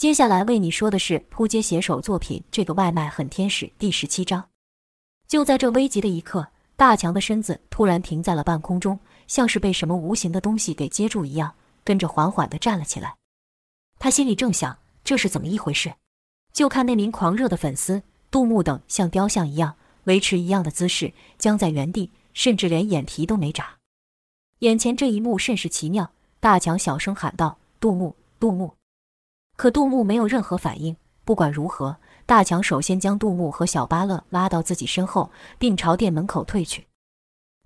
接下來為你說的是撲街寫手作品《這個外賣很天使》第十七章。就在這危急的一刻，大強的身子突然停在了半空中，像是被什麼無形的東西給接住一樣，跟着緩緩地站了起來。他心裡正想這是怎麼一回事，就看那名狂熱的粉絲杜牧等像雕像一樣維持一樣的姿勢，僵在原地，甚至連眼皮都沒眨。眼前這一幕甚是奇妙，大強小聲喊道：“杜牧，杜牧。”可杜牧沒有任何反應。不管如何，大強首先將杜牧和小巴勒拉到自己身後，並朝店門口退去。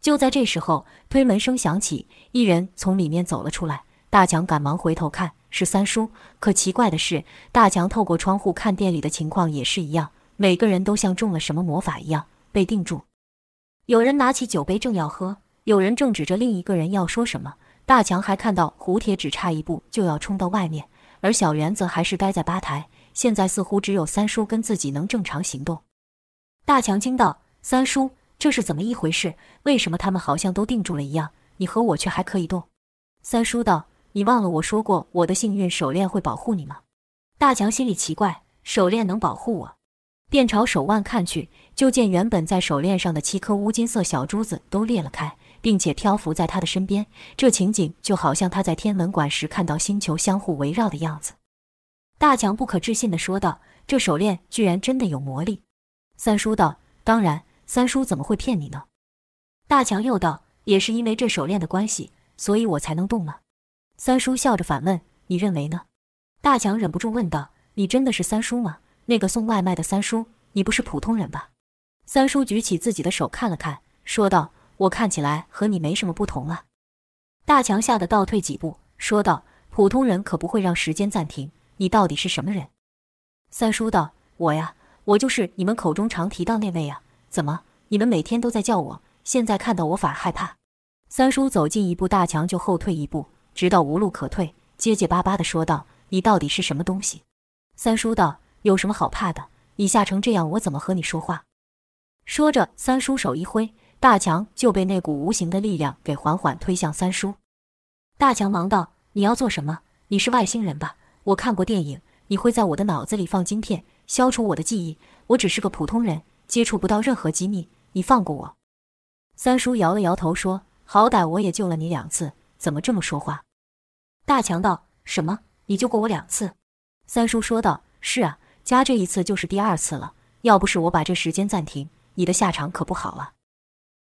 就在這時候，推門聲響起，一人從裡面走了出來。大強趕忙回頭看，是三叔。可奇怪的是，大強透過窗戶看店裡的情況也是一樣，每個人都像中了什麼魔法一樣被定住。有人拿起酒杯正要喝，有人正指着另一個人要說什麼。大強還看到胡鐵只差一步就要衝到外面。而小圓則還是待在吧台，現在似乎只有三叔跟自己能正常行動。大強驚道：“三叔，這是怎麼一回事？為什麼他們好像都定住了一樣，你和我卻還可以動？”三叔道：“你忘了我說過我的幸運手鏈會保護你嗎？”大強心裡奇怪，手鏈能保護我，便朝手腕看去，就見原本在手鏈上的七顆烏金色小珠子都裂了開。並且漂浮在他的身邊，這情景就好像他在天文館時看到星球相互圍繞的樣子。大強不可置信地說道：“這手鏈居然真的有魔力！”三叔道：“當然，三叔怎麼會騙你呢？”大強又道：“也是因為這手鏈的關係，所以我才能動了。”三叔笑着反問：“你認為呢？”大強忍不住問道：“你真的是三叔嗎？那個送外賣的三叔，你不是普通人吧？”三叔舉起自己的手看了看，說道，我看起來和你沒什麼不同了啊。大強嚇得倒退幾步，說道：“普通人可不會讓時間暫停，你到底是什麼人？”三叔道：“我呀，我就是你們口中常提到那位啊。怎麼，你們每天都在叫我，現在看到我反而害怕？”三叔走近一步，大強就後退一步，直到無路可退，結結巴巴地說道：“你到底是什麼東西？”三叔道：“有什麼好怕的？你嚇成這樣，我怎麼和你說話？”說着，三叔手一揮。大強就被那股無形的力量給緩緩推向三叔。大強忙道：“你要做什麼？你是外星人吧？我看過電影，你會在我的腦子裡放晶片，消除我的記憶。我只是個普通人，接觸不到任何機密。你放過我。”三叔搖了搖頭說：“好歹我也救了你兩次，怎麼這麼說話？”大強道：“什麼？你救過我兩次？”三叔說道：“是啊，加這一次就是第二次了。要不是我把這時間暫停，你的下場可不好啊。”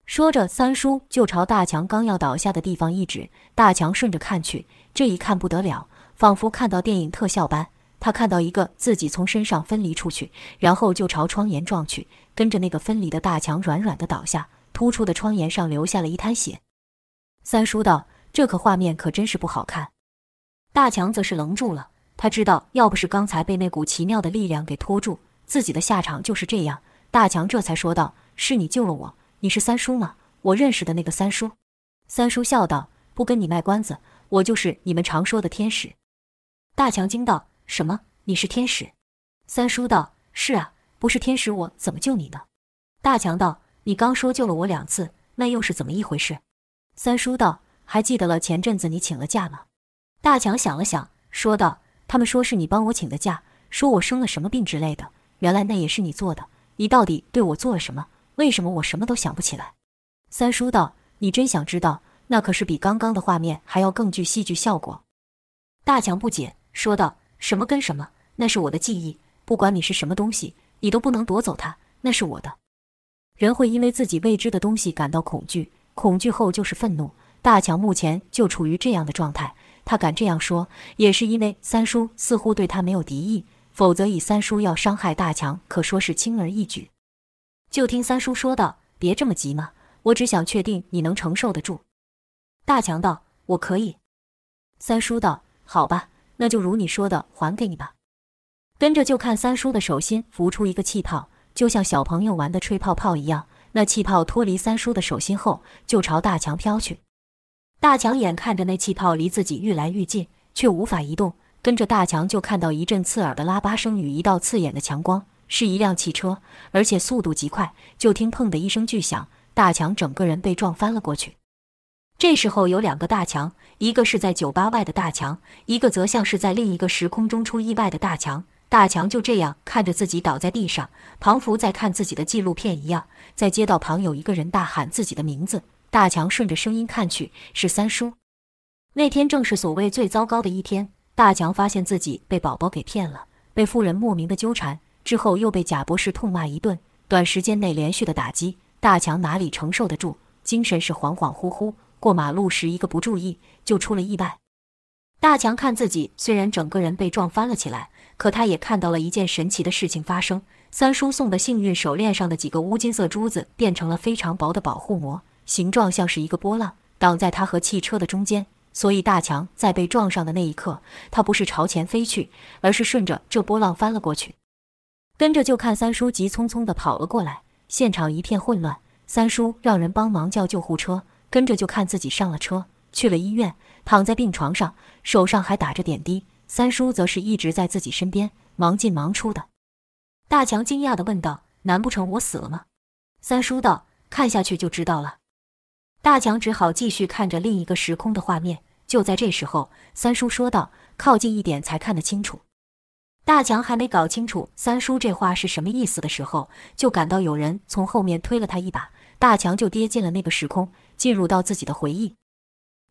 說着，三叔就朝大強剛要倒下的地方一指，大強順着看去，這一看不得了，仿佛看到電影特效般。他看到一個自己從身上分離出去，然後就朝窗沿撞去，跟着那個分離的大強軟軟軟的倒下，突出的窗沿上留下了一灘血。三叔道：“這可畫面可真是不好看。”大強則是愣住了，他知道要不是剛才被那股奇妙的力量給拖住，自己的下場就是這樣。大強這才說道：“是你救了我。”你是三叔嗎？我認識的那個三叔。三叔笑道：“不跟你賣關子，我就是你們常說的天使。”大強驚道：“什麼？你是天使？”三叔道：“是啊，不是天使我怎麼救你的？”大強道：“你剛說救了我兩次，那又是怎麼一回事？”三叔道：“還記得了前陣子你請了假嗎？”大強想了想，說道：“他們說是你幫我請的假，說我生了什麼病之類的，原來那也是你做的。你到底對我做了什麼？”為什麼我什麼都想不起來？三叔道：“你真想知道？那可是比剛剛的畫面還要更具戲劇效果。”大強不解說道：“什麼跟什麼？那是我的記憶，不管你是什麼東西，你都不能奪走它，那是我的。”人會因為自己未知的東西感到恐懼，恐懼後就是憤怒。大強目前就處於這樣的狀態。他敢這樣說，也是因為三叔似乎對他沒有敵意，否則以三叔要傷害大強，可說是輕而易舉。就聽三叔說道：“別這麼急嘛，我只想確定你能承受得住。”大強道：“我可以。”三叔道：“好吧，那就如你說的，還給你吧。”跟着就看三叔的手心浮出一個氣泡，就像小朋友玩的吹泡泡一樣。那氣泡脫離三叔的手心後，就朝大強飄去。大強眼看着那氣泡離自己愈來愈近，卻無法移動。跟着大強就看到一陣刺耳的喇叭聲與一道刺眼的強光。是一輛汽車，而且速度極快。就聽“砰”的一聲巨響，大強整個人被撞翻了過去。這時候有兩個大強，一個是在酒吧外的大強，一個則像是在另一個時空中出意外的大強。大強就這樣看着自己倒在地上，彷佛在看自己的紀錄片一樣。在街道旁有一個人大喊自己的名字，大強順着聲音看去，是三叔。那天正是所謂最糟糕的一天。大強發現自己被寶寶給騙了，被富人莫名的糾纏。之後又被賈博士痛罵一頓，短時間內連續的打擊，大強哪裡承受得住？精神是恍恍惚惚。過馬路時一個不注意就出了意外。大強看自己雖然整個人被撞翻了起來，可他也看到了一件神奇的事情發生：三叔送的幸運手鏈上的幾個烏金色珠子變成了非常薄的保護膜，形狀像是一個波浪，擋在他和汽車的中間。所以大強在被撞上的那一刻，他不是朝前飛去，而是順着這波浪翻了過去。跟着就看三叔急匆匆地跑了過來，現場一片混亂。三叔讓人幫忙叫救護車，跟着就看自己上了車，去了醫院，躺在病床上，手上還打着點滴。三叔則是一直在自己身邊，忙進忙出的。大強驚訝地問道：“難不成我死了嗎？”三叔道：“看下去就知道了。”大強只好繼續看着另一個時空的畫面。就在這時候，三叔說道：“靠近一點才看得清楚。”大強還沒搞清楚三叔這話是什麼意思的時候，就感到有人從後面推了他一把，大強就跌進了那個時空，進入到自己的回憶。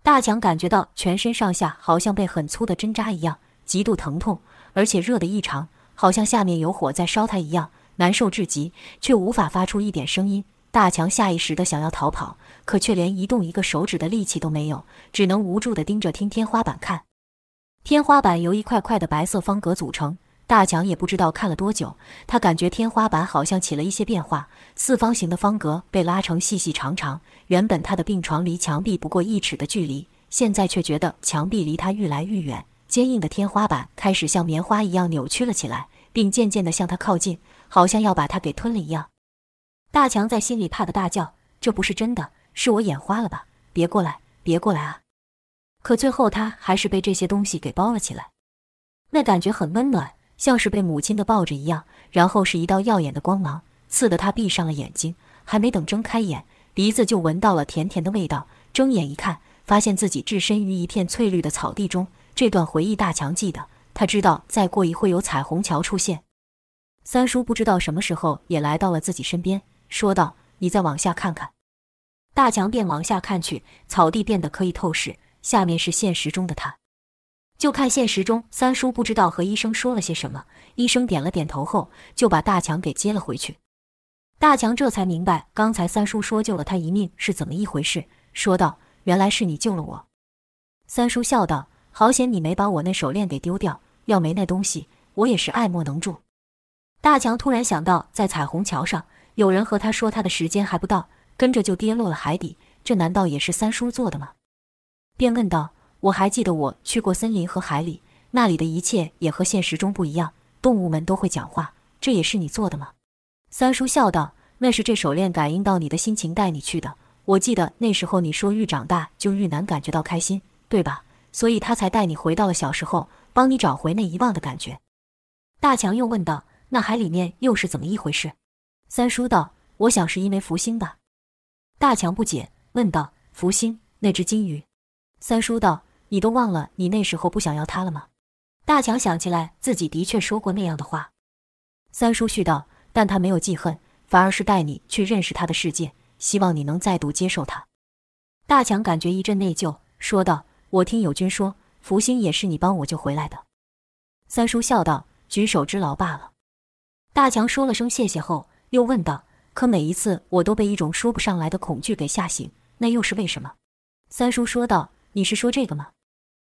大強感覺到全身上下好像被很粗的針扎一樣，極度疼痛，而且熱得異常，好像下面有火在燒他一樣，難受至極，卻無法發出一點聲音。大強下意識地想要逃跑，可卻連移動一個手指的力氣都沒有，只能無助地盯着聽天花板看。天花板由一塊塊的白色方格組成，大強也不知道看了多久，他感覺天花板好像起了一些變化，四方形的方格被拉成細細長長。原本他的病床離牆壁不過一尺的距離，現在卻覺得牆壁離他越來越遠，堅硬的天花板開始像棉花一樣扭曲了起來，並漸漸地向他靠近，好像要把他給吞了一樣。大強在心裡怕得大叫：“這不是真的，是我眼花了吧？別過來，別過來啊！”可最後，他還是被這些東西給包了起來，那感覺很溫暖，像是被母親的抱着一樣。然後是一道耀眼的光芒，刺得他閉上了眼睛。還沒等睜開眼，鼻子就聞到了甜甜的味道。睜眼一看，發現自己置身於一片翠綠的草地中。這段回憶，大強記得。他知道，再過一會有彩虹橋出現。三叔不知道什麼時候也來到了自己身邊，說道：“你再往下看看。”大強便往下看去，草地變得可以透視。下面是現實中的他，就看現實中三叔不知道和醫生說了些什麼，醫生點了點頭後就把大強給接了回去。大強這才明白剛才三叔說救了他一命是怎麼一回事，說道：“原來是你救了我。”三叔笑道：“好險，你沒把我那手鏈給丟掉，要沒那東西，我也是愛莫能助。”大強突然想到，在彩虹橋上有人和他說他的時間還不到，跟着就跌落了海底，這難道也是三叔做的嗎？便問道：“我還記得我去過森林和海裡，那裡的一切也和現實中不一樣。動物們都會講話，這也是你做的嗎？”三叔笑道：“那是這手鏈感應到你的心情帶你去的。我記得那時候你說愈長大就愈難感覺到開心，對吧？所以他才帶你回到了小時候，幫你找回那遺忘的感覺。”大強又問道：“那海裡面又是怎麼一回事？”三叔道：“我想是因為福星吧。”大強不解，問道：“福星，那隻金魚？”三叔道：“你都忘了，你那時候不想要他了嗎？”大強想起來，自己的確說過那樣的話。三叔續道：“但他沒有記恨，反而是帶你去認識他的世界，希望你能再度接受他。”大強感覺一陣內疚，說道：“我聽友軍說，福星也是你幫我救回來的。”三叔笑道：“舉手之勞罷了。”大強說了聲謝謝後，又問道：“可每一次我都被一種說不上來的恐懼給嚇醒，那又是為什麼？”三叔說道，你是說這個嗎？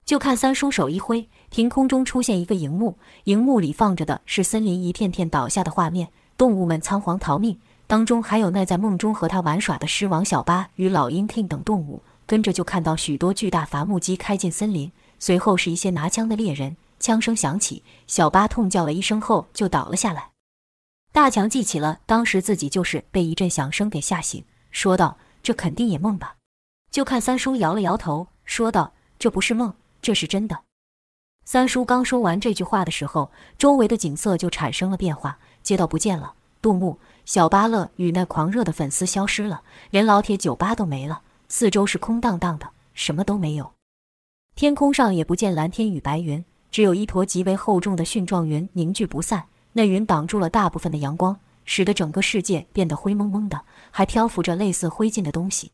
就看三叔手一揮，憑空中出現一個熒幕，熒幕裡放着的是森林一片片倒下的畫面，動物們倉皇逃命，當中還有那在夢中和他玩耍的獅王小巴與老鷹 King 等動物。跟着就看到許多巨大伐木機開進森林，隨後是一些拿槍的獵人，槍聲響起，小巴痛叫了一聲後就倒了下來。大強記起了當時自己就是被一陣響聲給嚇醒，說道：“這肯定也夢吧？”就看三叔搖了搖頭。說道：“這不是夢，這是真的。”三叔剛說完這句話的時候，周圍的景色就產生了變化，街道不見了，杜牧、小巴樂與那狂熱的粉絲消失了，連老鐵酒吧都沒了，四周是空蕩蕩的，什麼都沒有，天空上也不見藍天與白雲，只有一坨極為厚重的絮狀雲凝聚不散，那雲擋住了大部分的陽光，使得整個世界變得灰濛濛的，還漂浮着類似灰燼的東西。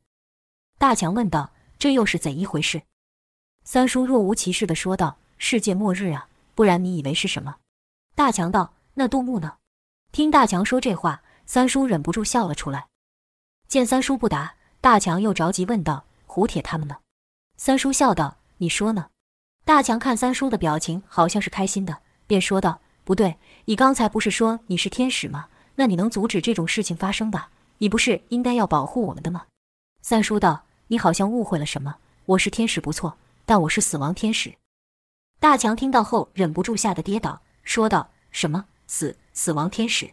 大強問道。這又是怎一回事？三叔若無其事地說道：“世界末日啊，不然你以為是什麼？”大強道：“那杜牧呢？”聽大強說這話，三叔忍不住笑了出來。見三叔不答，大強又着急問道：“胡鐵他們呢？”三叔笑道：“你說呢？”大強看三叔的表情，好像是開心的，便說道：“不對，你剛才不是說你是天使嗎？那你能阻止這種事情發生吧？你不是應該要保護我們的嗎？”三叔道。你好像誤會了什麼？我是天使不錯，但我是死亡天使。大強聽到後忍不住嚇得跌倒，說道：“什麼死死亡天使？”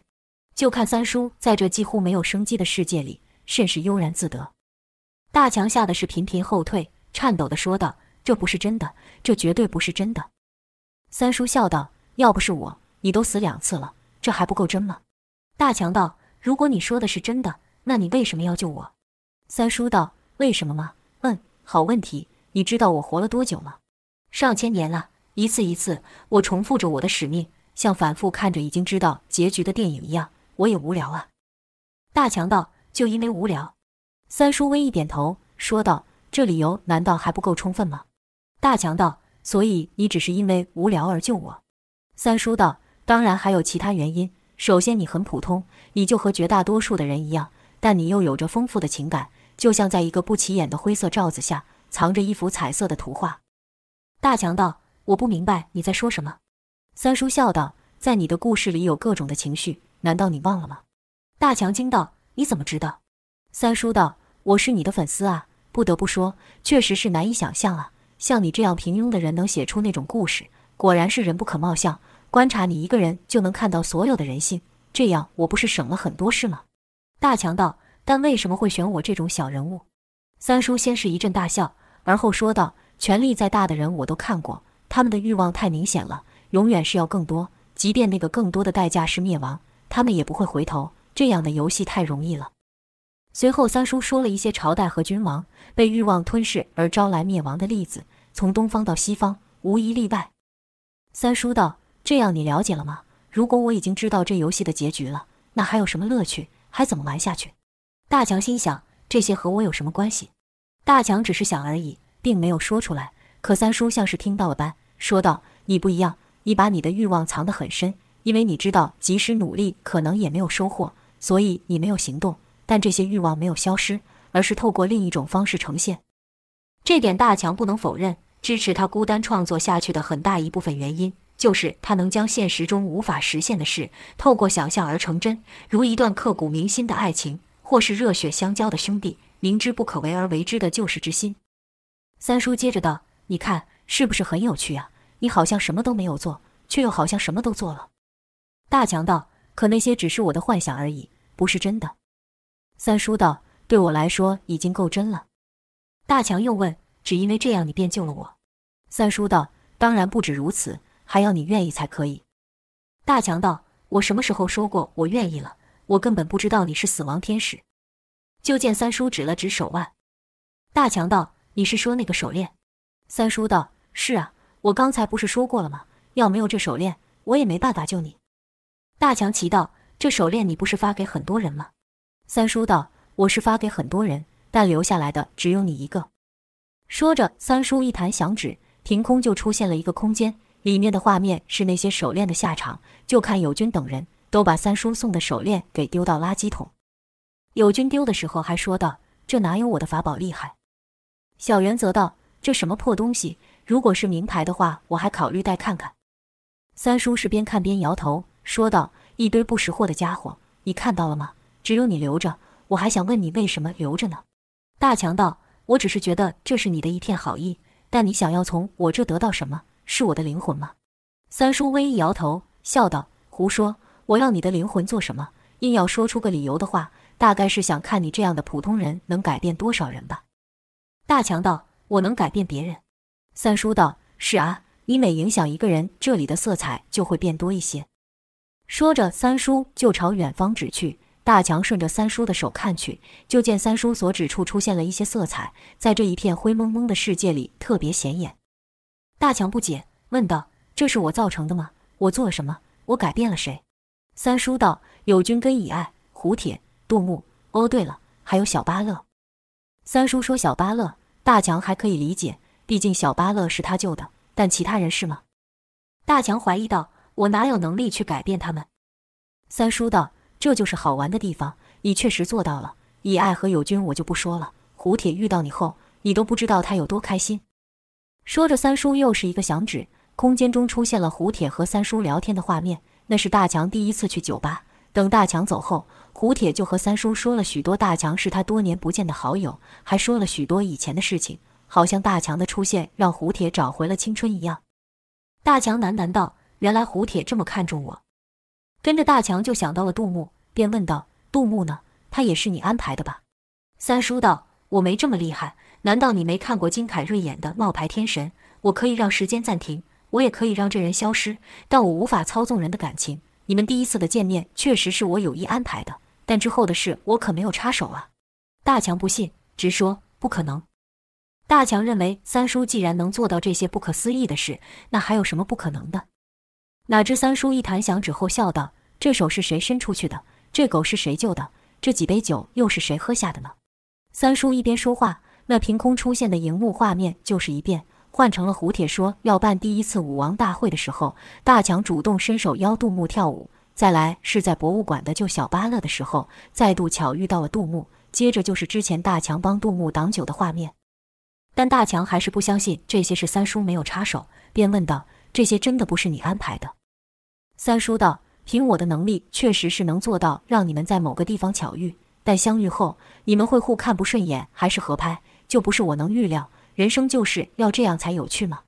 就看三叔在這幾乎沒有生機的世界裡甚是悠然自得。大強嚇得是頻頻後退，顫抖地說道：“這不是真的，這絕對不是真的。”三叔笑道：“要不是我，你都死兩次了，這還不夠真嗎？”大強道：“如果你說的是真的，那你為什麼要救我？”三叔道。為什麼嗎？嗯，好問題。你知道我活了多久嗎？上千年了。一次一次，我重複着我的使命，像反覆看着已經知道結局的電影一樣。我也無聊啊。大強道：“就因為無聊。”三叔微一點頭，說道：“這理由難道還不夠充分嗎？”大強道：“所以你只是因為無聊而救我？”三叔道：“當然還有其他原因。首先，你很普通，你就和絕大多數的人一樣，但你又有着豐富的情感。”就像在一個不起眼的灰色罩子下藏着一幅彩色的圖畫。大強道：“我不明白你在說什麼。”三叔笑道：“在你的故事裡有各種的情緒，難道你忘了嗎？”大強驚道：“你怎麼知道？”三叔道：“我是你的粉絲啊，不得不說，確實是難以想象啊。像你這樣平庸的人能寫出那種故事，果然是人不可貌相。觀察你一個人就能看到所有的人性，這樣我不是省了很多事嗎？”大強道。但為什麼會選我這種小人物？三叔先是一陣大笑，而後說道：“權力再大的人我都看過，他們的慾望太明顯了，永遠是要更多，即便那個更多的代價是滅亡，他們也不會回頭。這樣的遊戲太容易了。”隨後，三叔說了一些朝代和君王被慾望吞噬而招來滅亡的例子，從東方到西方，無一例外。三叔道：“這樣你了解了嗎？如果我已經知道這遊戲的結局了，那還有什麼樂趣？還怎麼玩下去？”大強心想：這些和我有什麼關係？大強只是想而已，並沒有說出來。可三叔像是聽到了般，說道：“你不一樣，你把你的欲望藏得很深，因為你知道，即使努力，可能也沒有收穫，所以你沒有行動。但這些欲望沒有消失，而是透過另一種方式呈現。這點大強不能否認。支持他孤單創作下去的很大一部分原因，就是他能將現實中無法實現的事，透過想象而成真，如一段刻骨銘心的愛情。”或是熱血相交的兄弟，明知不可為而為之的救世之心。三叔接着道：“你看，是不是很有趣啊？你好像什麼都沒有做，卻又好像什麼都做了。”大強道：“可那些只是我的幻想而已，不是真的。”三叔道：“對我來說，已經夠真了。”大強又問：“只因為這樣，你便救了我？”三叔道：“當然不止如此，還要你願意才可以。”大強道：“我什麼時候說過我願意了？”我根本不知道你是死亡天使。就見三叔指了指手腕。大強道：“你是說那個手鏈？”三叔道：“是啊，我剛才不是說過了嗎？要沒有這手鏈，我也沒辦法救你。”大強奇道：“這手鏈你不是發給很多人嗎？”三叔道：“我是發給很多人，但留下來的只有你一個。”說着，三叔一彈響指，憑空就出現了一個空間，裡面的畫面是那些手鏈的下場，就看友軍等人。都把三叔送的手鏈給丟到垃圾桶。友軍丟的時候還說道：“這哪有我的法寶厲害？”小袁則道：“這什麼破東西？如果是名牌的話，我還考慮帶看看。”三叔是邊看邊搖頭，說道：“一堆不識貨的家伙，你看到了嗎？只有你留着，我還想問你為什麼留着呢？”大強道：“我只是覺得這是你的一片好意，但你想要從我這得到什麼？是我的靈魂嗎？”三叔微一搖頭，笑道：“胡說。”我要你的靈魂做什麼？硬要說出個理由的話，大概是想看你這樣的普通人能改變多少人吧。大強道：“我能改變別人。”三叔道：“是啊，你每影響一個人，這裡的色彩就會變多一些。”說着，三叔就朝遠方指去。大強順着三叔的手看去，就見三叔所指處出現了一些色彩，在這一片灰蒙蒙的世界裡特別顯眼。大強不解，問道：“這是我造成的嗎？我做了什麼？我改變了誰？”三叔道：“友軍跟以愛、胡鐵、杜牧。哦，對了，還有小巴樂。”三叔說：“小巴樂、大強還可以理解，畢竟小巴樂是他救的。但其他人是嗎？”大強懷疑道：“我哪有能力去改變他們？”三叔道：“這就是好玩的地方，你確實做到了。以愛和友軍，我就不說了。胡鐵遇到你後，你都不知道他有多開心。”說着，三叔又是一個響指，空間中出現了胡鐵和三叔聊天的畫面。那是大強第一次去酒吧。等大強走後，胡鐵就和三叔說了許多。大強是他多年不見的好友，還說了許多以前的事情，好像大強的出現讓胡鐵找回了青春一樣。大強喃喃道：“原來胡鐵這麼看重我。”跟着大強就想到了杜牧，便問道：“杜牧呢？他也是你安排的吧？”三叔道：“我沒這麼厲害。難道你沒看過金凱瑞演的《冒牌天神》？我可以讓時間暫停。”我也可以讓這人消失，但我無法操縱人的感情。你們第一次的見面確實是我有意安排的，但之後的事我可沒有插手啊！大強不信，直說不可能。大強認為三叔既然能做到這些不可思議的事，那還有什麼不可能的？哪知三叔一彈響指後笑道：“這手是誰伸出去的？這狗是誰救的？這幾杯酒又是誰喝下的呢？”三叔一邊說話，那憑空出現的熒幕畫面就是一變。換成了胡鐵說要辦第一次舞王大會的時候，大強主動伸手邀杜牧跳舞。再來是在博物館的救小巴勒的時候，再度巧遇到了杜牧。接着就是之前大強幫杜牧擋酒的畫面。但大強還是不相信這些是三叔沒有插手，便問道：“這些真的不是你安排的？”三叔道：“憑我的能力，確實是能做到讓你們在某個地方巧遇。但相遇後，你們會互看不順眼，還是合拍，就不是我能預料。”人生就是要這樣才有趣嗎？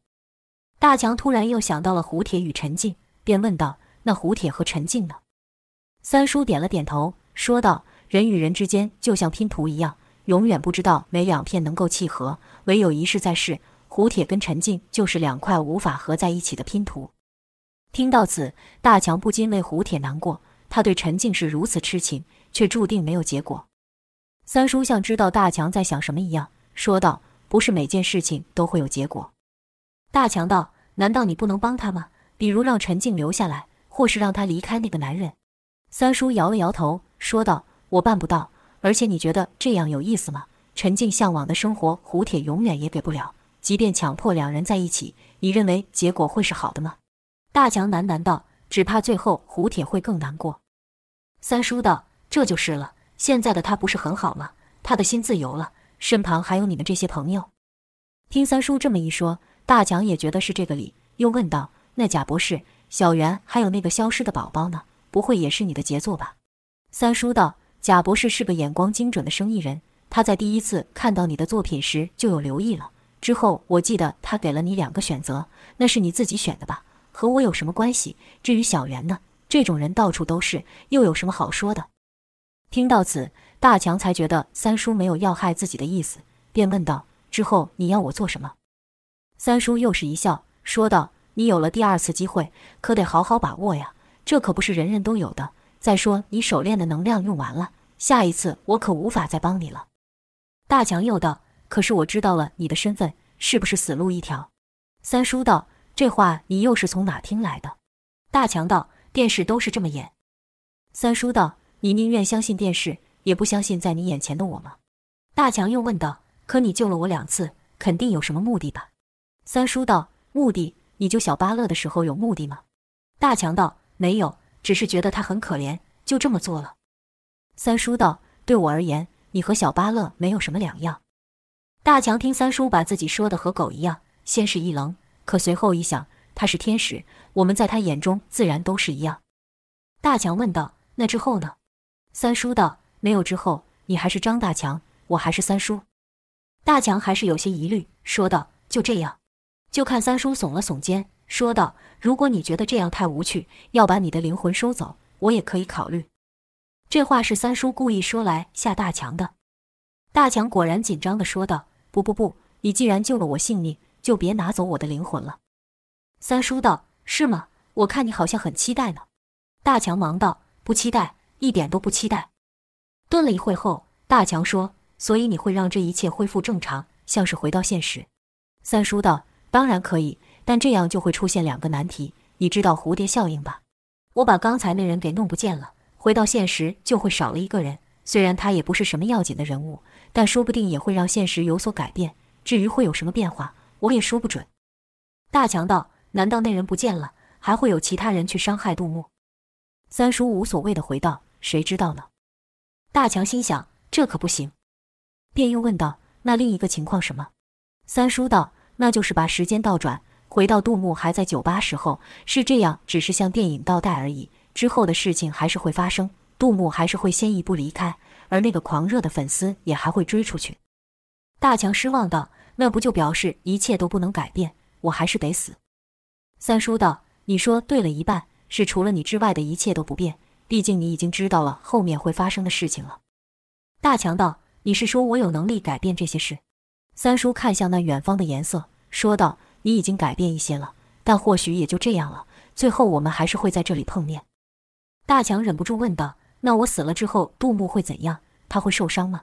大強突然又想到了胡鐵與陳靜，便問道：“那胡鐵和陳靜呢？”三叔點了點頭，說道：“人與人之間就像拼圖一樣，永遠不知道哪兩片能夠契合，唯有一試再試。胡鐵跟陳靜就是兩塊無法合在一起的拼圖。”聽到此，大強不禁為胡鐵難過。他對陳靜是如此痴情，卻注定沒有結果。三叔像知道大強在想什麼一樣，說道，不是每件事情都會有結果。大強道：“難道你不能幫他嗎？比如讓陳靜留下來，或是讓她離開那個男人？”三叔搖了搖頭，說道：“我辦不到。而且你覺得這樣有意思嗎？陳靜向往的生活，胡鐵永遠也給不了。即便強迫兩人在一起，你認為結果會是好的嗎？”大強喃喃道：“只怕最後胡鐵會更難過。”三叔道：“這就是了。現在的他不是很好嗎？他的心自由了。”身旁還有你的這些朋友。聽三叔這麼一說，大強也覺得是這個理，又問道：“那賈博士、小袁還有那個消失的寶寶呢？不會也是你的傑作吧？”三叔道：“賈博士是個眼光精準的生意人，他在第一次看到你的作品時就有留意了。之後我記得他給了你兩個選擇，那是你自己選的吧？和我有什麼關係？至於小袁呢，這種人到處都是，又有什麼好說的？”聽到此。大強才覺得三叔沒有要害自己的意思，便問道：“之後你要我做什麼？”三叔又是一笑，說道：“你有了第二次機會，可得好好把握呀！這可不是人人都有的。再說你手鏈的能量用完了，下一次我可無法再幫你了。”大強又道：“可是我知道了你的身份，是不是死路一條？”三叔道：“這話你又是從哪聽來的？”大強道：“電視都是這麼演。”三叔道：“你寧願相信電視？”也不相信在你眼前的我嗎？大強又問道。可你救了我兩次，肯定有什麼目的吧？三叔道。目的？你救小巴樂的時候有目的嗎？大強道。沒有，只是覺得他很可憐，就這麼做了。三叔道。對我而言，你和小巴樂沒有什麼兩樣。大強聽三叔把自己說的和狗一樣，先是一愣，可隨後一想，他是天使，我們在他眼中自然都是一樣。大強問道。那之後呢？三叔道。沒有之後，你還是張大強，我還是三叔。大強還是有些疑慮，說道：“就這樣。”就看三叔聳了聳肩，說道：“如果你覺得這樣太無趣，要把你的靈魂收走，我也可以考慮。”這話是三叔故意說來嚇大強的。大強果然緊張地說道：“不不不，你既然救了我性命，就別拿走我的靈魂了。”三叔道：“是嗎？我看你好像很期待呢。”大強忙道：“不期待，一點都不期待。”頓了一會後，大強說：“所以你會讓這一切恢復正常，像是回到現實。”三叔道：“當然可以，但這樣就會出現兩個難題。你知道蝴蝶效應吧？我把剛才那人給弄不見了，回到現實就會少了一個人。雖然他也不是什麼要緊的人物，但說不定也會讓現實有所改變。至於會有什麼變化，我也說不準。”大強道：“難道那人不見了，還會有其他人去傷害杜牧？”三叔無所謂的回道：“誰知道呢？”大強心想：“這可不行。”便又問道：“那另一個情況什麼？”三叔道：“那就是把時間倒轉，回到杜牧還在酒吧時候，是這樣，只是像電影倒帶而已。之後的事情還是會發生，杜牧還是會先一步離開，而那個狂熱的粉絲也還會追出去。”大強失望道：“那不就表示一切都不能改變，我還是得死？”三叔道：“你說對了一半，是除了你之外的一切都不變。”畢竟你已經知道了後面會發生的事情了。大強道：“你是說我有能力改變這些事？”三叔看向那遠方的顏色，說道：“你已經改變一些了，但或許也就這樣了。最後我們還是會在這裡碰面。”大強忍不住問道：“那我死了之後，杜牧會怎樣？他會受傷嗎？”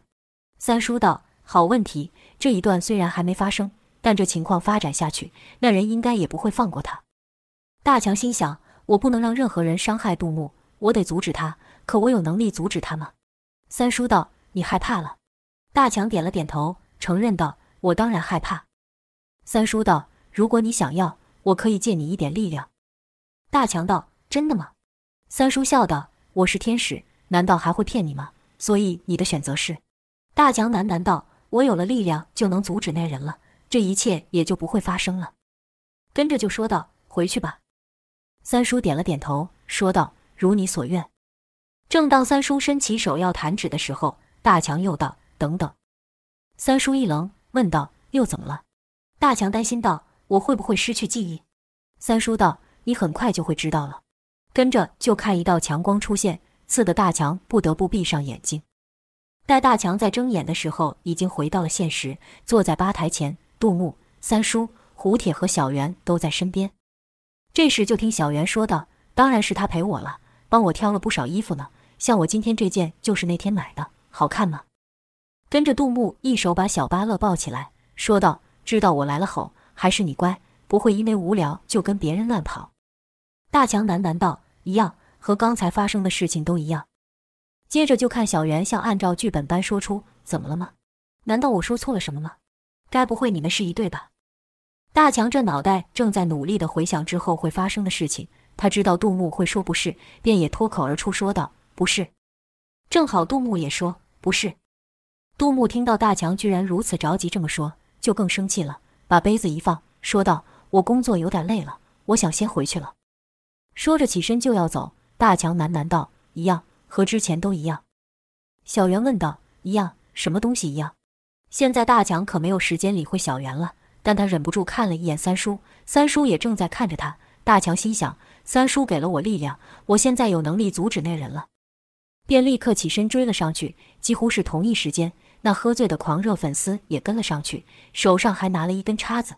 三叔道：“好問題。這一段雖然還沒發生，但這情況發展下去，那人應該也不會放過他。”大強心想：“我不能讓任何人傷害杜牧。”我得阻止他，可我有能力阻止他嗎？三叔道：“你害怕了。”大強點了點頭，承認道：“我當然害怕。”三叔道：“如果你想要，我可以借你一點力量。”大強道：“真的嗎？”三叔笑道：“我是天使，難道還會騙你嗎？所以你的選擇是。”大強喃喃道：“我有了力量，就能阻止那人了，這一切也就不會發生了。”跟着就說道：“回去吧。”三叔點了點頭，說道，如你所願。正當三叔伸起手要彈指的時候，大強又道：“等等。”三叔一愣，問道：“又怎麼了？”大強擔心道：“我會不會失去記憶？”三叔道：“你很快就會知道了。”跟着就看一道強光出現，刺得大強不得不閉上眼睛。待大強再睜眼的時候，已經回到了現實，坐在吧台前。杜牧、三叔、胡鐵和小袁都在身邊。這時就聽小袁說道：“當然是他陪我了。”幫我挑了不少衣服呢，像我今天這件就是那天買的，好看嗎？跟着杜牧一手把小巴樂抱起來，說道：“知道我來了吼，還是你乖，不會因為無聊就跟別人亂跑。”大強喃喃道：“一樣，和剛才發生的事情都一樣。”接着就看小圓像按照劇本般說出：“怎麼了嗎？難道我說錯了什麼嗎？該不會你們是一對吧？”大強這腦袋正在努力地回想之後會發生的事情。他知道杜牧會說不是，便也脫口而出說道：“不是。”正好杜牧也說：“不是。”杜牧聽到大強居然如此着急這麼說，就更生氣了，把杯子一放，說道：“我工作有點累了，我想先回去了。”說着起身就要走。大強喃喃道：“一樣，和之前都一樣。”小袁問道：“一樣？什麼東西一樣？”現在大強可沒有時間理會小袁了，但他忍不住看了一眼三叔，三叔也正在看着他。大強心想。三叔給了我力量，我現在有能力阻止那人了，便立刻起身追了上去。幾乎是同一時間，那喝醉的狂熱粉絲也跟了上去，手上還拿了一根叉子。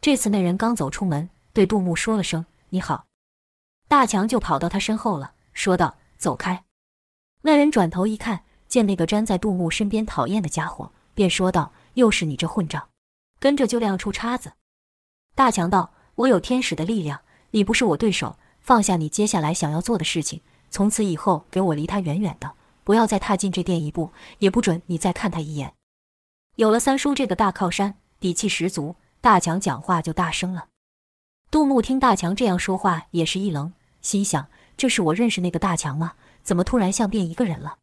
這次那人剛走出門，對杜牧說了聲“你好”，大強就跑到他身後了，說道：“走開！”那人轉頭一看，見那個粘在杜牧身邊討厭的家伙，便說道：“又是你這混賬！”跟着就亮出叉子。大強道：“我有天使的力量。”你不是我對手，放下你接下來想要做的事情，從此以後給我離他遠遠的，不要再踏進這店一步，也不准你再看他一眼。有了三叔這個大靠山，底氣十足，大強講話就大聲了。杜牧聽大強這樣說話，也是一愣，心想：這是我認識那個大強嗎？怎麼突然像變一個人了？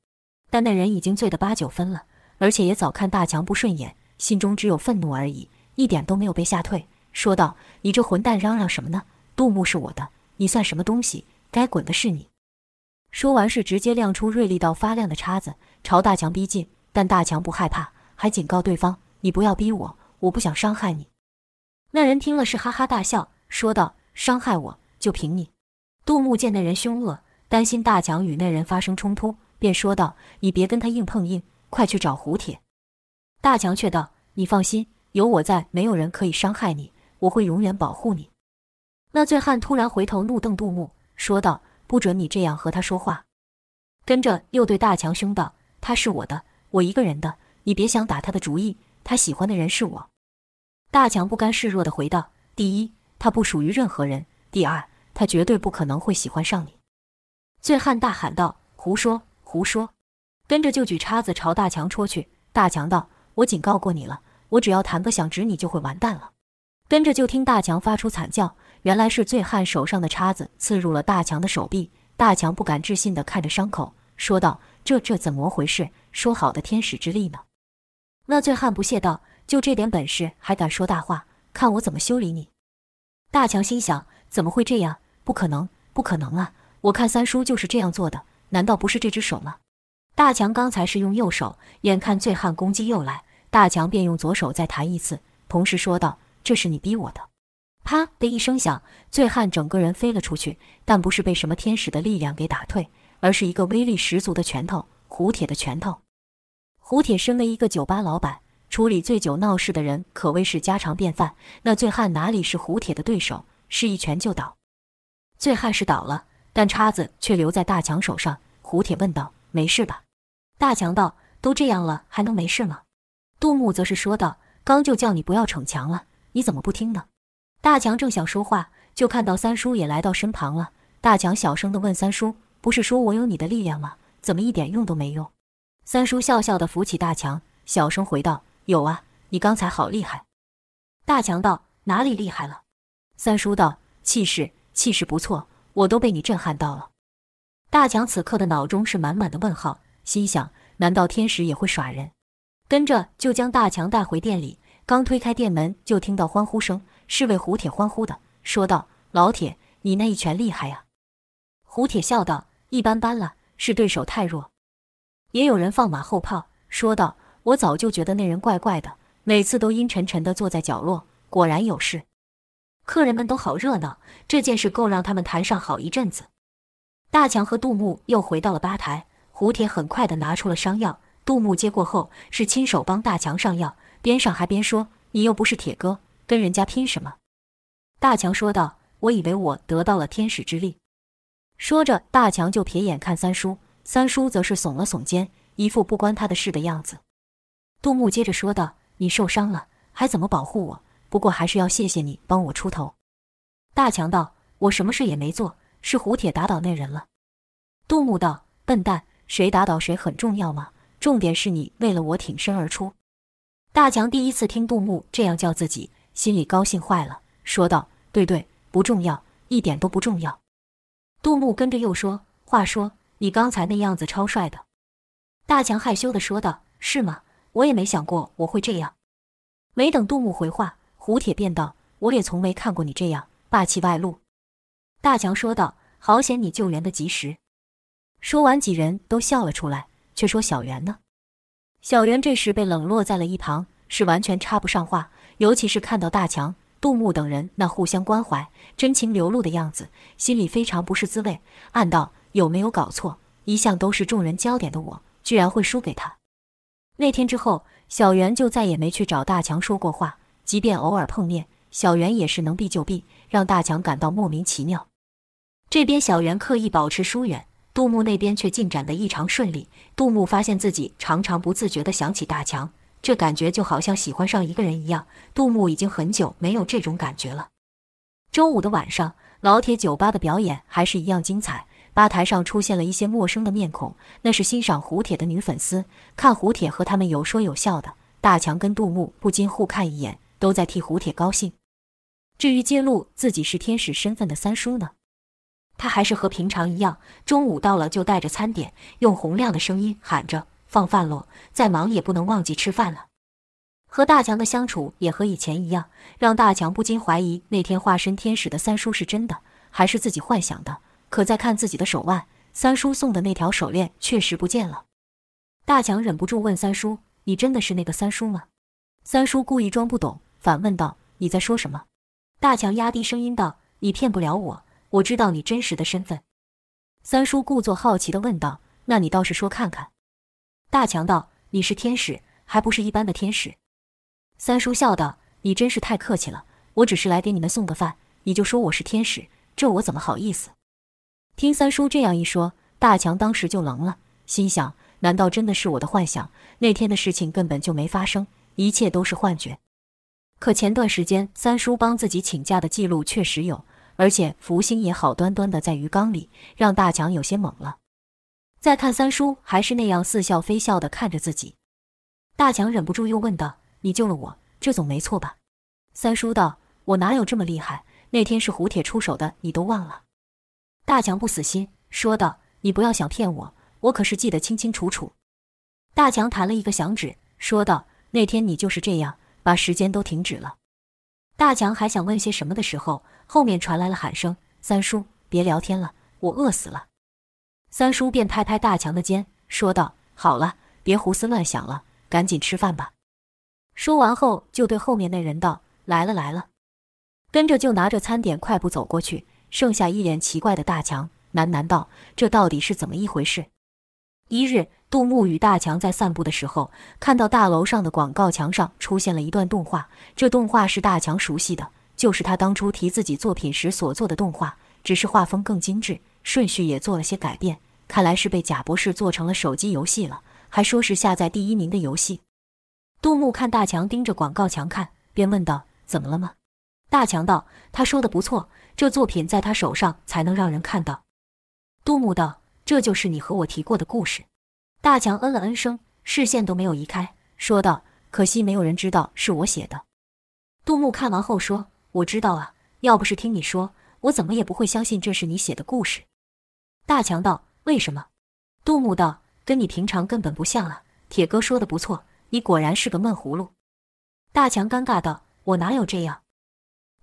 但那人已經醉得八九分了，而且也早看大強不順眼，心中只有憤怒而已，一點都沒有被嚇退，說道：“你這混蛋，嚷嚷什麼呢？”杜牧是我的，你算什麼東西？該滾的是你！說完是直接亮出銳利到發亮的叉子，朝大強逼近。但大強不害怕，還警告對方：“你不要逼我，我不想傷害你。”那人聽了是哈哈大笑，說道：“傷害我？就憑你？”杜牧見那人兇惡，擔心大強與那人發生衝突，便說道：“你別跟他硬碰硬，快去找胡鐵。”大強卻道：“你放心，有我在，沒有人可以傷害你。我會永遠保護你。”那醉漢突然回頭怒瞪杜牧，說道：“不准你這樣和他說話。”跟着又對大強凶道：“他是我的，我一個人的，你別想打他的主意。他喜歡的人是我。”大強不甘示弱地回道：“第一，他不屬於任何人；第二，他絕對不可能會喜歡上你。”醉漢大喊道：“胡說！胡說！”跟着就舉叉子朝大強戳去。大強道：“我警告過你了，我只要彈個響指，你就會完蛋了。”跟着就聽大強發出慘叫。原來是醉漢手上的叉子刺入了大強的手臂，大強不敢置信地看着傷口，說道：“這這怎麼回事？說好的天使之力呢？”那醉漢不屑道：“就這點本事，還敢說大話？看我怎麼修理你！”大強心想：“怎麼會這樣？不可能，不可能啊！我看三叔就是這樣做的，難道不是這隻手嗎？”大強剛才是用右手，眼看醉漢攻擊又來，大強便用左手再彈一次，同時說道：“這是你逼我的。”啪的一聲響，醉漢整個人飛了出去，但不是被什麼天使的力量給打退，而是一個威力十足的拳頭——胡鐵的拳頭。胡鐵身為一個酒吧老闆，處理醉酒鬧事的人可謂是家常便飯。那醉漢哪裡是胡鐵的對手？是一拳就倒。醉漢是倒了，但叉子卻留在大強手上。胡鐵問道：“沒事吧？”大強道：“都這樣了，還能沒事嗎？”杜牧則是說道：“剛就叫你不要逞強了，你怎麼不聽呢？”大強正想說話，就看到三叔也來到身旁了。大強小聲地問三叔：“不是說我有你的力量嗎？怎麼一點用都沒用？”三叔笑笑地扶起大強，小聲回道：“有啊，你剛才好厲害。”大強道：“哪裡厲害了？”三叔道：“氣勢，氣勢不錯，我都被你震撼到了。”大強此刻的腦中是滿滿的問號，心想：難道天使也會耍人？跟着就將大強帶回店裡，剛推開店門，就聽到歡呼聲。是為胡鐵歡呼的，說道：“老鐵，你那一拳厲害呀！”胡鐵笑道：“一般般了，是對手太弱。”也有人放馬後炮，說道：“我早就覺得那人怪怪的，每次都陰沉沉的坐在角落，果然有事。”客人們都好熱鬧，這件事夠讓他們談上好一陣子。大強和杜牧又回到了吧台，胡鐵很快的拿出了傷藥，杜牧接過後，是親手幫大強上藥，邊上還邊說：“你又不是鐵哥。”跟人家拼什麼？大強說道：“我以為我得到了天使之力。”說着，大強就撇眼看三叔，三叔則是聳了聳肩，一副不關他的事的樣子。杜牧接着說道：“你受傷了，還怎麼保護我？不過還是要謝謝你幫我出頭。”大強道：“我什麼事也沒做，是胡鐵打倒那人了。”杜牧道：“笨蛋，誰打倒誰很重要嗎？重點是你為了我挺身而出。”大強第一次聽杜牧這樣叫自己，心裡高興壞了，說道：“對對，不重要，一點都不重要。”杜牧跟着又說：“話說你剛才那樣子超帥的。”大強害羞地說道：“是嗎？我也沒想過我會這樣。”沒等杜牧回話，胡鐵便道：“我也從沒看過你這樣霸氣外露。”大強說道：“好險你救援的及時。”說完，幾人都笑了出來，卻說：“小袁呢？”小袁這時被冷落在了一旁，是完全插不上話。尤其是看到大強、杜牧等人那互相關懷、真情流露的樣子，心裡非常不是滋味，暗道有沒有搞錯？一向都是眾人焦點的我，居然會輸給他。那天之後，小袁就再也沒去找大強說過話，即便偶爾碰面，小袁也是能避就避，讓大強感到莫名其妙。這邊小袁刻意保持疏遠，杜牧那邊卻進展得異常順利。杜牧發現自己常常不自覺地想起大強。這感覺就好像喜歡上一個人一樣。杜牧已經很久沒有這種感覺了。周五的晚上，老鐵酒吧的表演還是一樣精彩。吧台上出現了一些陌生的面孔，那是欣賞胡鐵的女粉絲。看胡鐵和他們有說有笑的，大強跟杜牧不禁互看一眼，都在替胡鐵高興。至於揭露自己是天使身份的三叔呢？他還是和平常一樣，中午到了就帶着餐點，用洪亮的聲音喊着。放飯嘍！再忙也不能忘記吃飯了。和大強的相處也和以前一樣，讓大強不禁懷疑那天化身天使的三叔是真的還是自己幻想的。可再看自己的手腕，三叔送的那條手鏈確實不見了。大強忍不住問三叔：“你真的是那個三叔嗎？”三叔故意裝不懂，反問道：“你在說什麼？”大強壓低聲音道：“你騙不了我，我知道你真實的身份。”三叔故作好奇地問道：“那你倒是說看看。”大強道：“你是天使，還不是一般的天使。”三叔笑道：“你真是太客氣了，我只是來給你們送個飯，你就說我是天使，這我怎麼好意思？”聽三叔這樣一說，大強當時就愣了，心想：難道真的是我的幻想？那天的事情根本就沒發生，一切都是幻覺。可前段時間三叔幫自己請假的記錄確實有，而且福星也好端端的在魚缸裡，讓大強有些懵了。再看三叔，還是那樣似笑非笑地看着自己。大強忍不住又問道：“你救了我，這總沒錯吧？”三叔道：“我哪有這麼厲害？那天是胡鐵出手的，你都忘了？”大強不死心，說道：“你不要想騙我，我可是記得清清楚楚。”大強彈了一個響指，說道：“那天你就是這樣，把時間都停止了。”大強還想問些什麼的時候，後面傳來了喊聲：“三叔，別聊天了，我餓死了。”三叔便拍拍大強的肩，說道：“好了，別胡思亂想了，趕緊吃飯吧。”說完後，就對後面那人道：“來了來了。”跟着就拿着餐點快步走過去，剩下一臉奇怪的大強喃喃道：“這到底是怎麼一回事？”一日，杜牧與大強在散步的時候，看到大樓上的廣告牆上出現了一段動畫。這動畫是大強熟悉的，就是他當初提自己作品時所做的動畫，只是畫風更精致。順序也做了些改變，看來是被賈博士做成了手機遊戲了，還說是下載第一名的遊戲。杜牧看大強盯着廣告牆看，便問道：“怎麼了嗎？”大強道：“他說的不錯，這作品在他手上才能讓人看到。”杜牧道：“這就是你和我提過的故事。”大強嗯了嗯聲，視線都沒有移開，說道：“可惜沒有人知道是我寫的。”杜牧看完後說：“我知道啊，要不是聽你說。”我怎麼也不會相信這是你寫的故事。大強道：“為什麼？”杜牧道：“跟你平常根本不像啊。”鐵哥說得不錯，你果然是個悶葫蘆。大強尷尬道：“我哪有這樣？”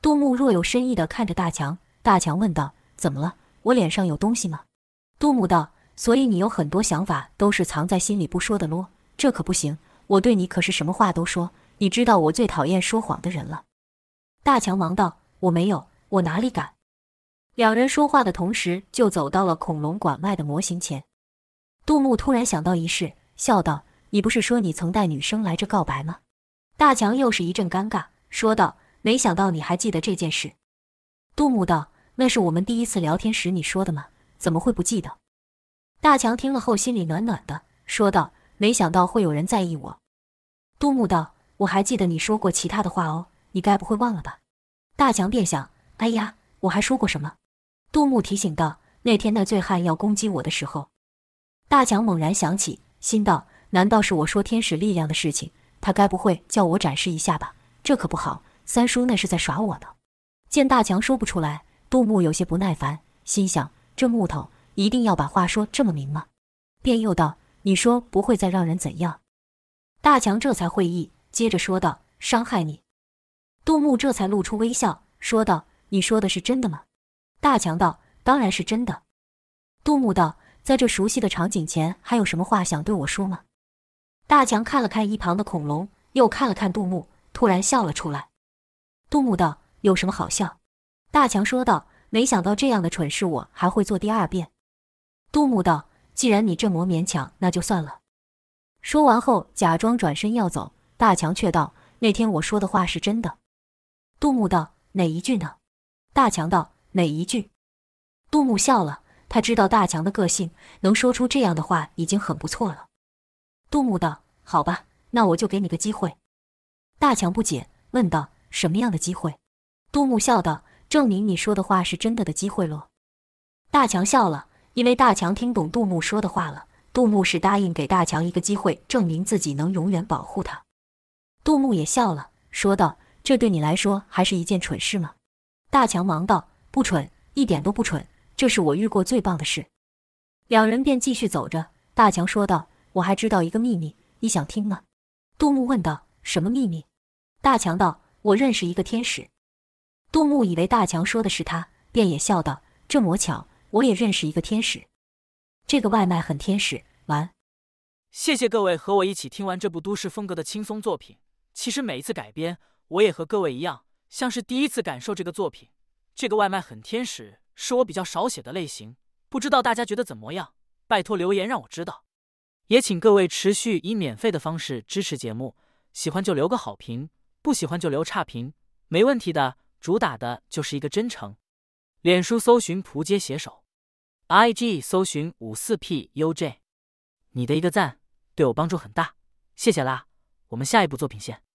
杜牧若有深意地看着大強。大強問道：“怎麼了？我臉上有東西嗎？”杜牧道：“所以你有很多想法都是藏在心裡不說的囉。這可不行，我對你可是什麼話都說。你知道我最討厭說謊的人了。”大強忙道：“我沒有，我哪裡敢。”兩人說話的同時，就走到了恐龍館外的模型前。杜牧突然想到一事，笑道：“你不是說你曾帶女生來這告白嗎？”大強又是一陣尷尬，說道：“沒想到你還記得這件事。”杜牧道：“那是我們第一次聊天時你說的嗎？怎麼會不記得？”大強聽了後心裡暖暖的，說道：“沒想到會有人在意我。”杜牧道：“我還記得你說過其他的話哦，你該不會忘了吧？”大強便想：“哎呀，我還說過什麼？”杜牧提醒道：“那天那醉漢要攻擊我的時候，大強猛然想起，心道：難道是我說天使力量的事情？他該不會叫我展示一下吧？這可不好！三叔那是在耍我呢。”見大強說不出來，杜牧有些不耐煩，心想：這木頭一定要把話說這麼明嗎？便又道：“你說不會再讓人怎樣？”大強這才會意，接着說道：“傷害你。”杜牧這才露出微笑，說道：“你說的是真的嗎？”大強道：“當然是真的。”杜牧道：“在這熟悉的場景前，還有什麼話想對我說嗎？”大強看了看一旁的恐龍，又看了看杜牧，突然笑了出來。杜牧道：“有什麼好笑？”大強說道：“沒想到這樣的蠢事，我還會做第二遍。”杜牧道：“既然你這麼勉強，那就算了。”說完後，假裝轉身要走。大強卻道：“那天我說的話是真的。”杜牧道：“哪一句呢？”大強道：哪一句？杜牧笑了，他知道大強的個性，能說出這樣的話已經很不錯了。杜牧道：“好吧，那我就給你個機會。”大強不解，問道：“什麼樣的機會？”杜牧笑道：“證明你說的話是真的的機會嘍。”大強笑了，因為大強聽懂杜牧說的話了。杜牧是答應給大強一個機會，證明自己能永遠保護他。杜牧也笑了，說道：“這對你來說還是一件蠢事嗎？”大強忙道：不蠢，一點都不蠢，這是我遇過最棒的事。兩人便繼續走着。大強說道：“我還知道一個秘密，你想聽嗎？”杜牧問道：“什麼秘密？”大強道：“我認識一個天使。”杜牧以為大強說的是他，便也笑道：“這麼巧，我也認識一個天使。”這個外賣很天使，完。謝謝各位和我一起聽完這部都市風格的輕鬆作品。其實每一次改編，我也和各位一樣，像是第一次感受這個作品。這個外賣很天使，是我比較少寫的類型，不知道大家覺得怎麼樣？拜托留言讓我知道，也請各位持續以免費的方式支持節目。喜歡就留個好評，不喜歡就留差評，沒問題的。主打的就是一個真誠。臉書搜尋仆街寫手，IG 搜尋五四 P U J。你的一個讚對我幫助很大，謝謝啦！我們下一部作品見。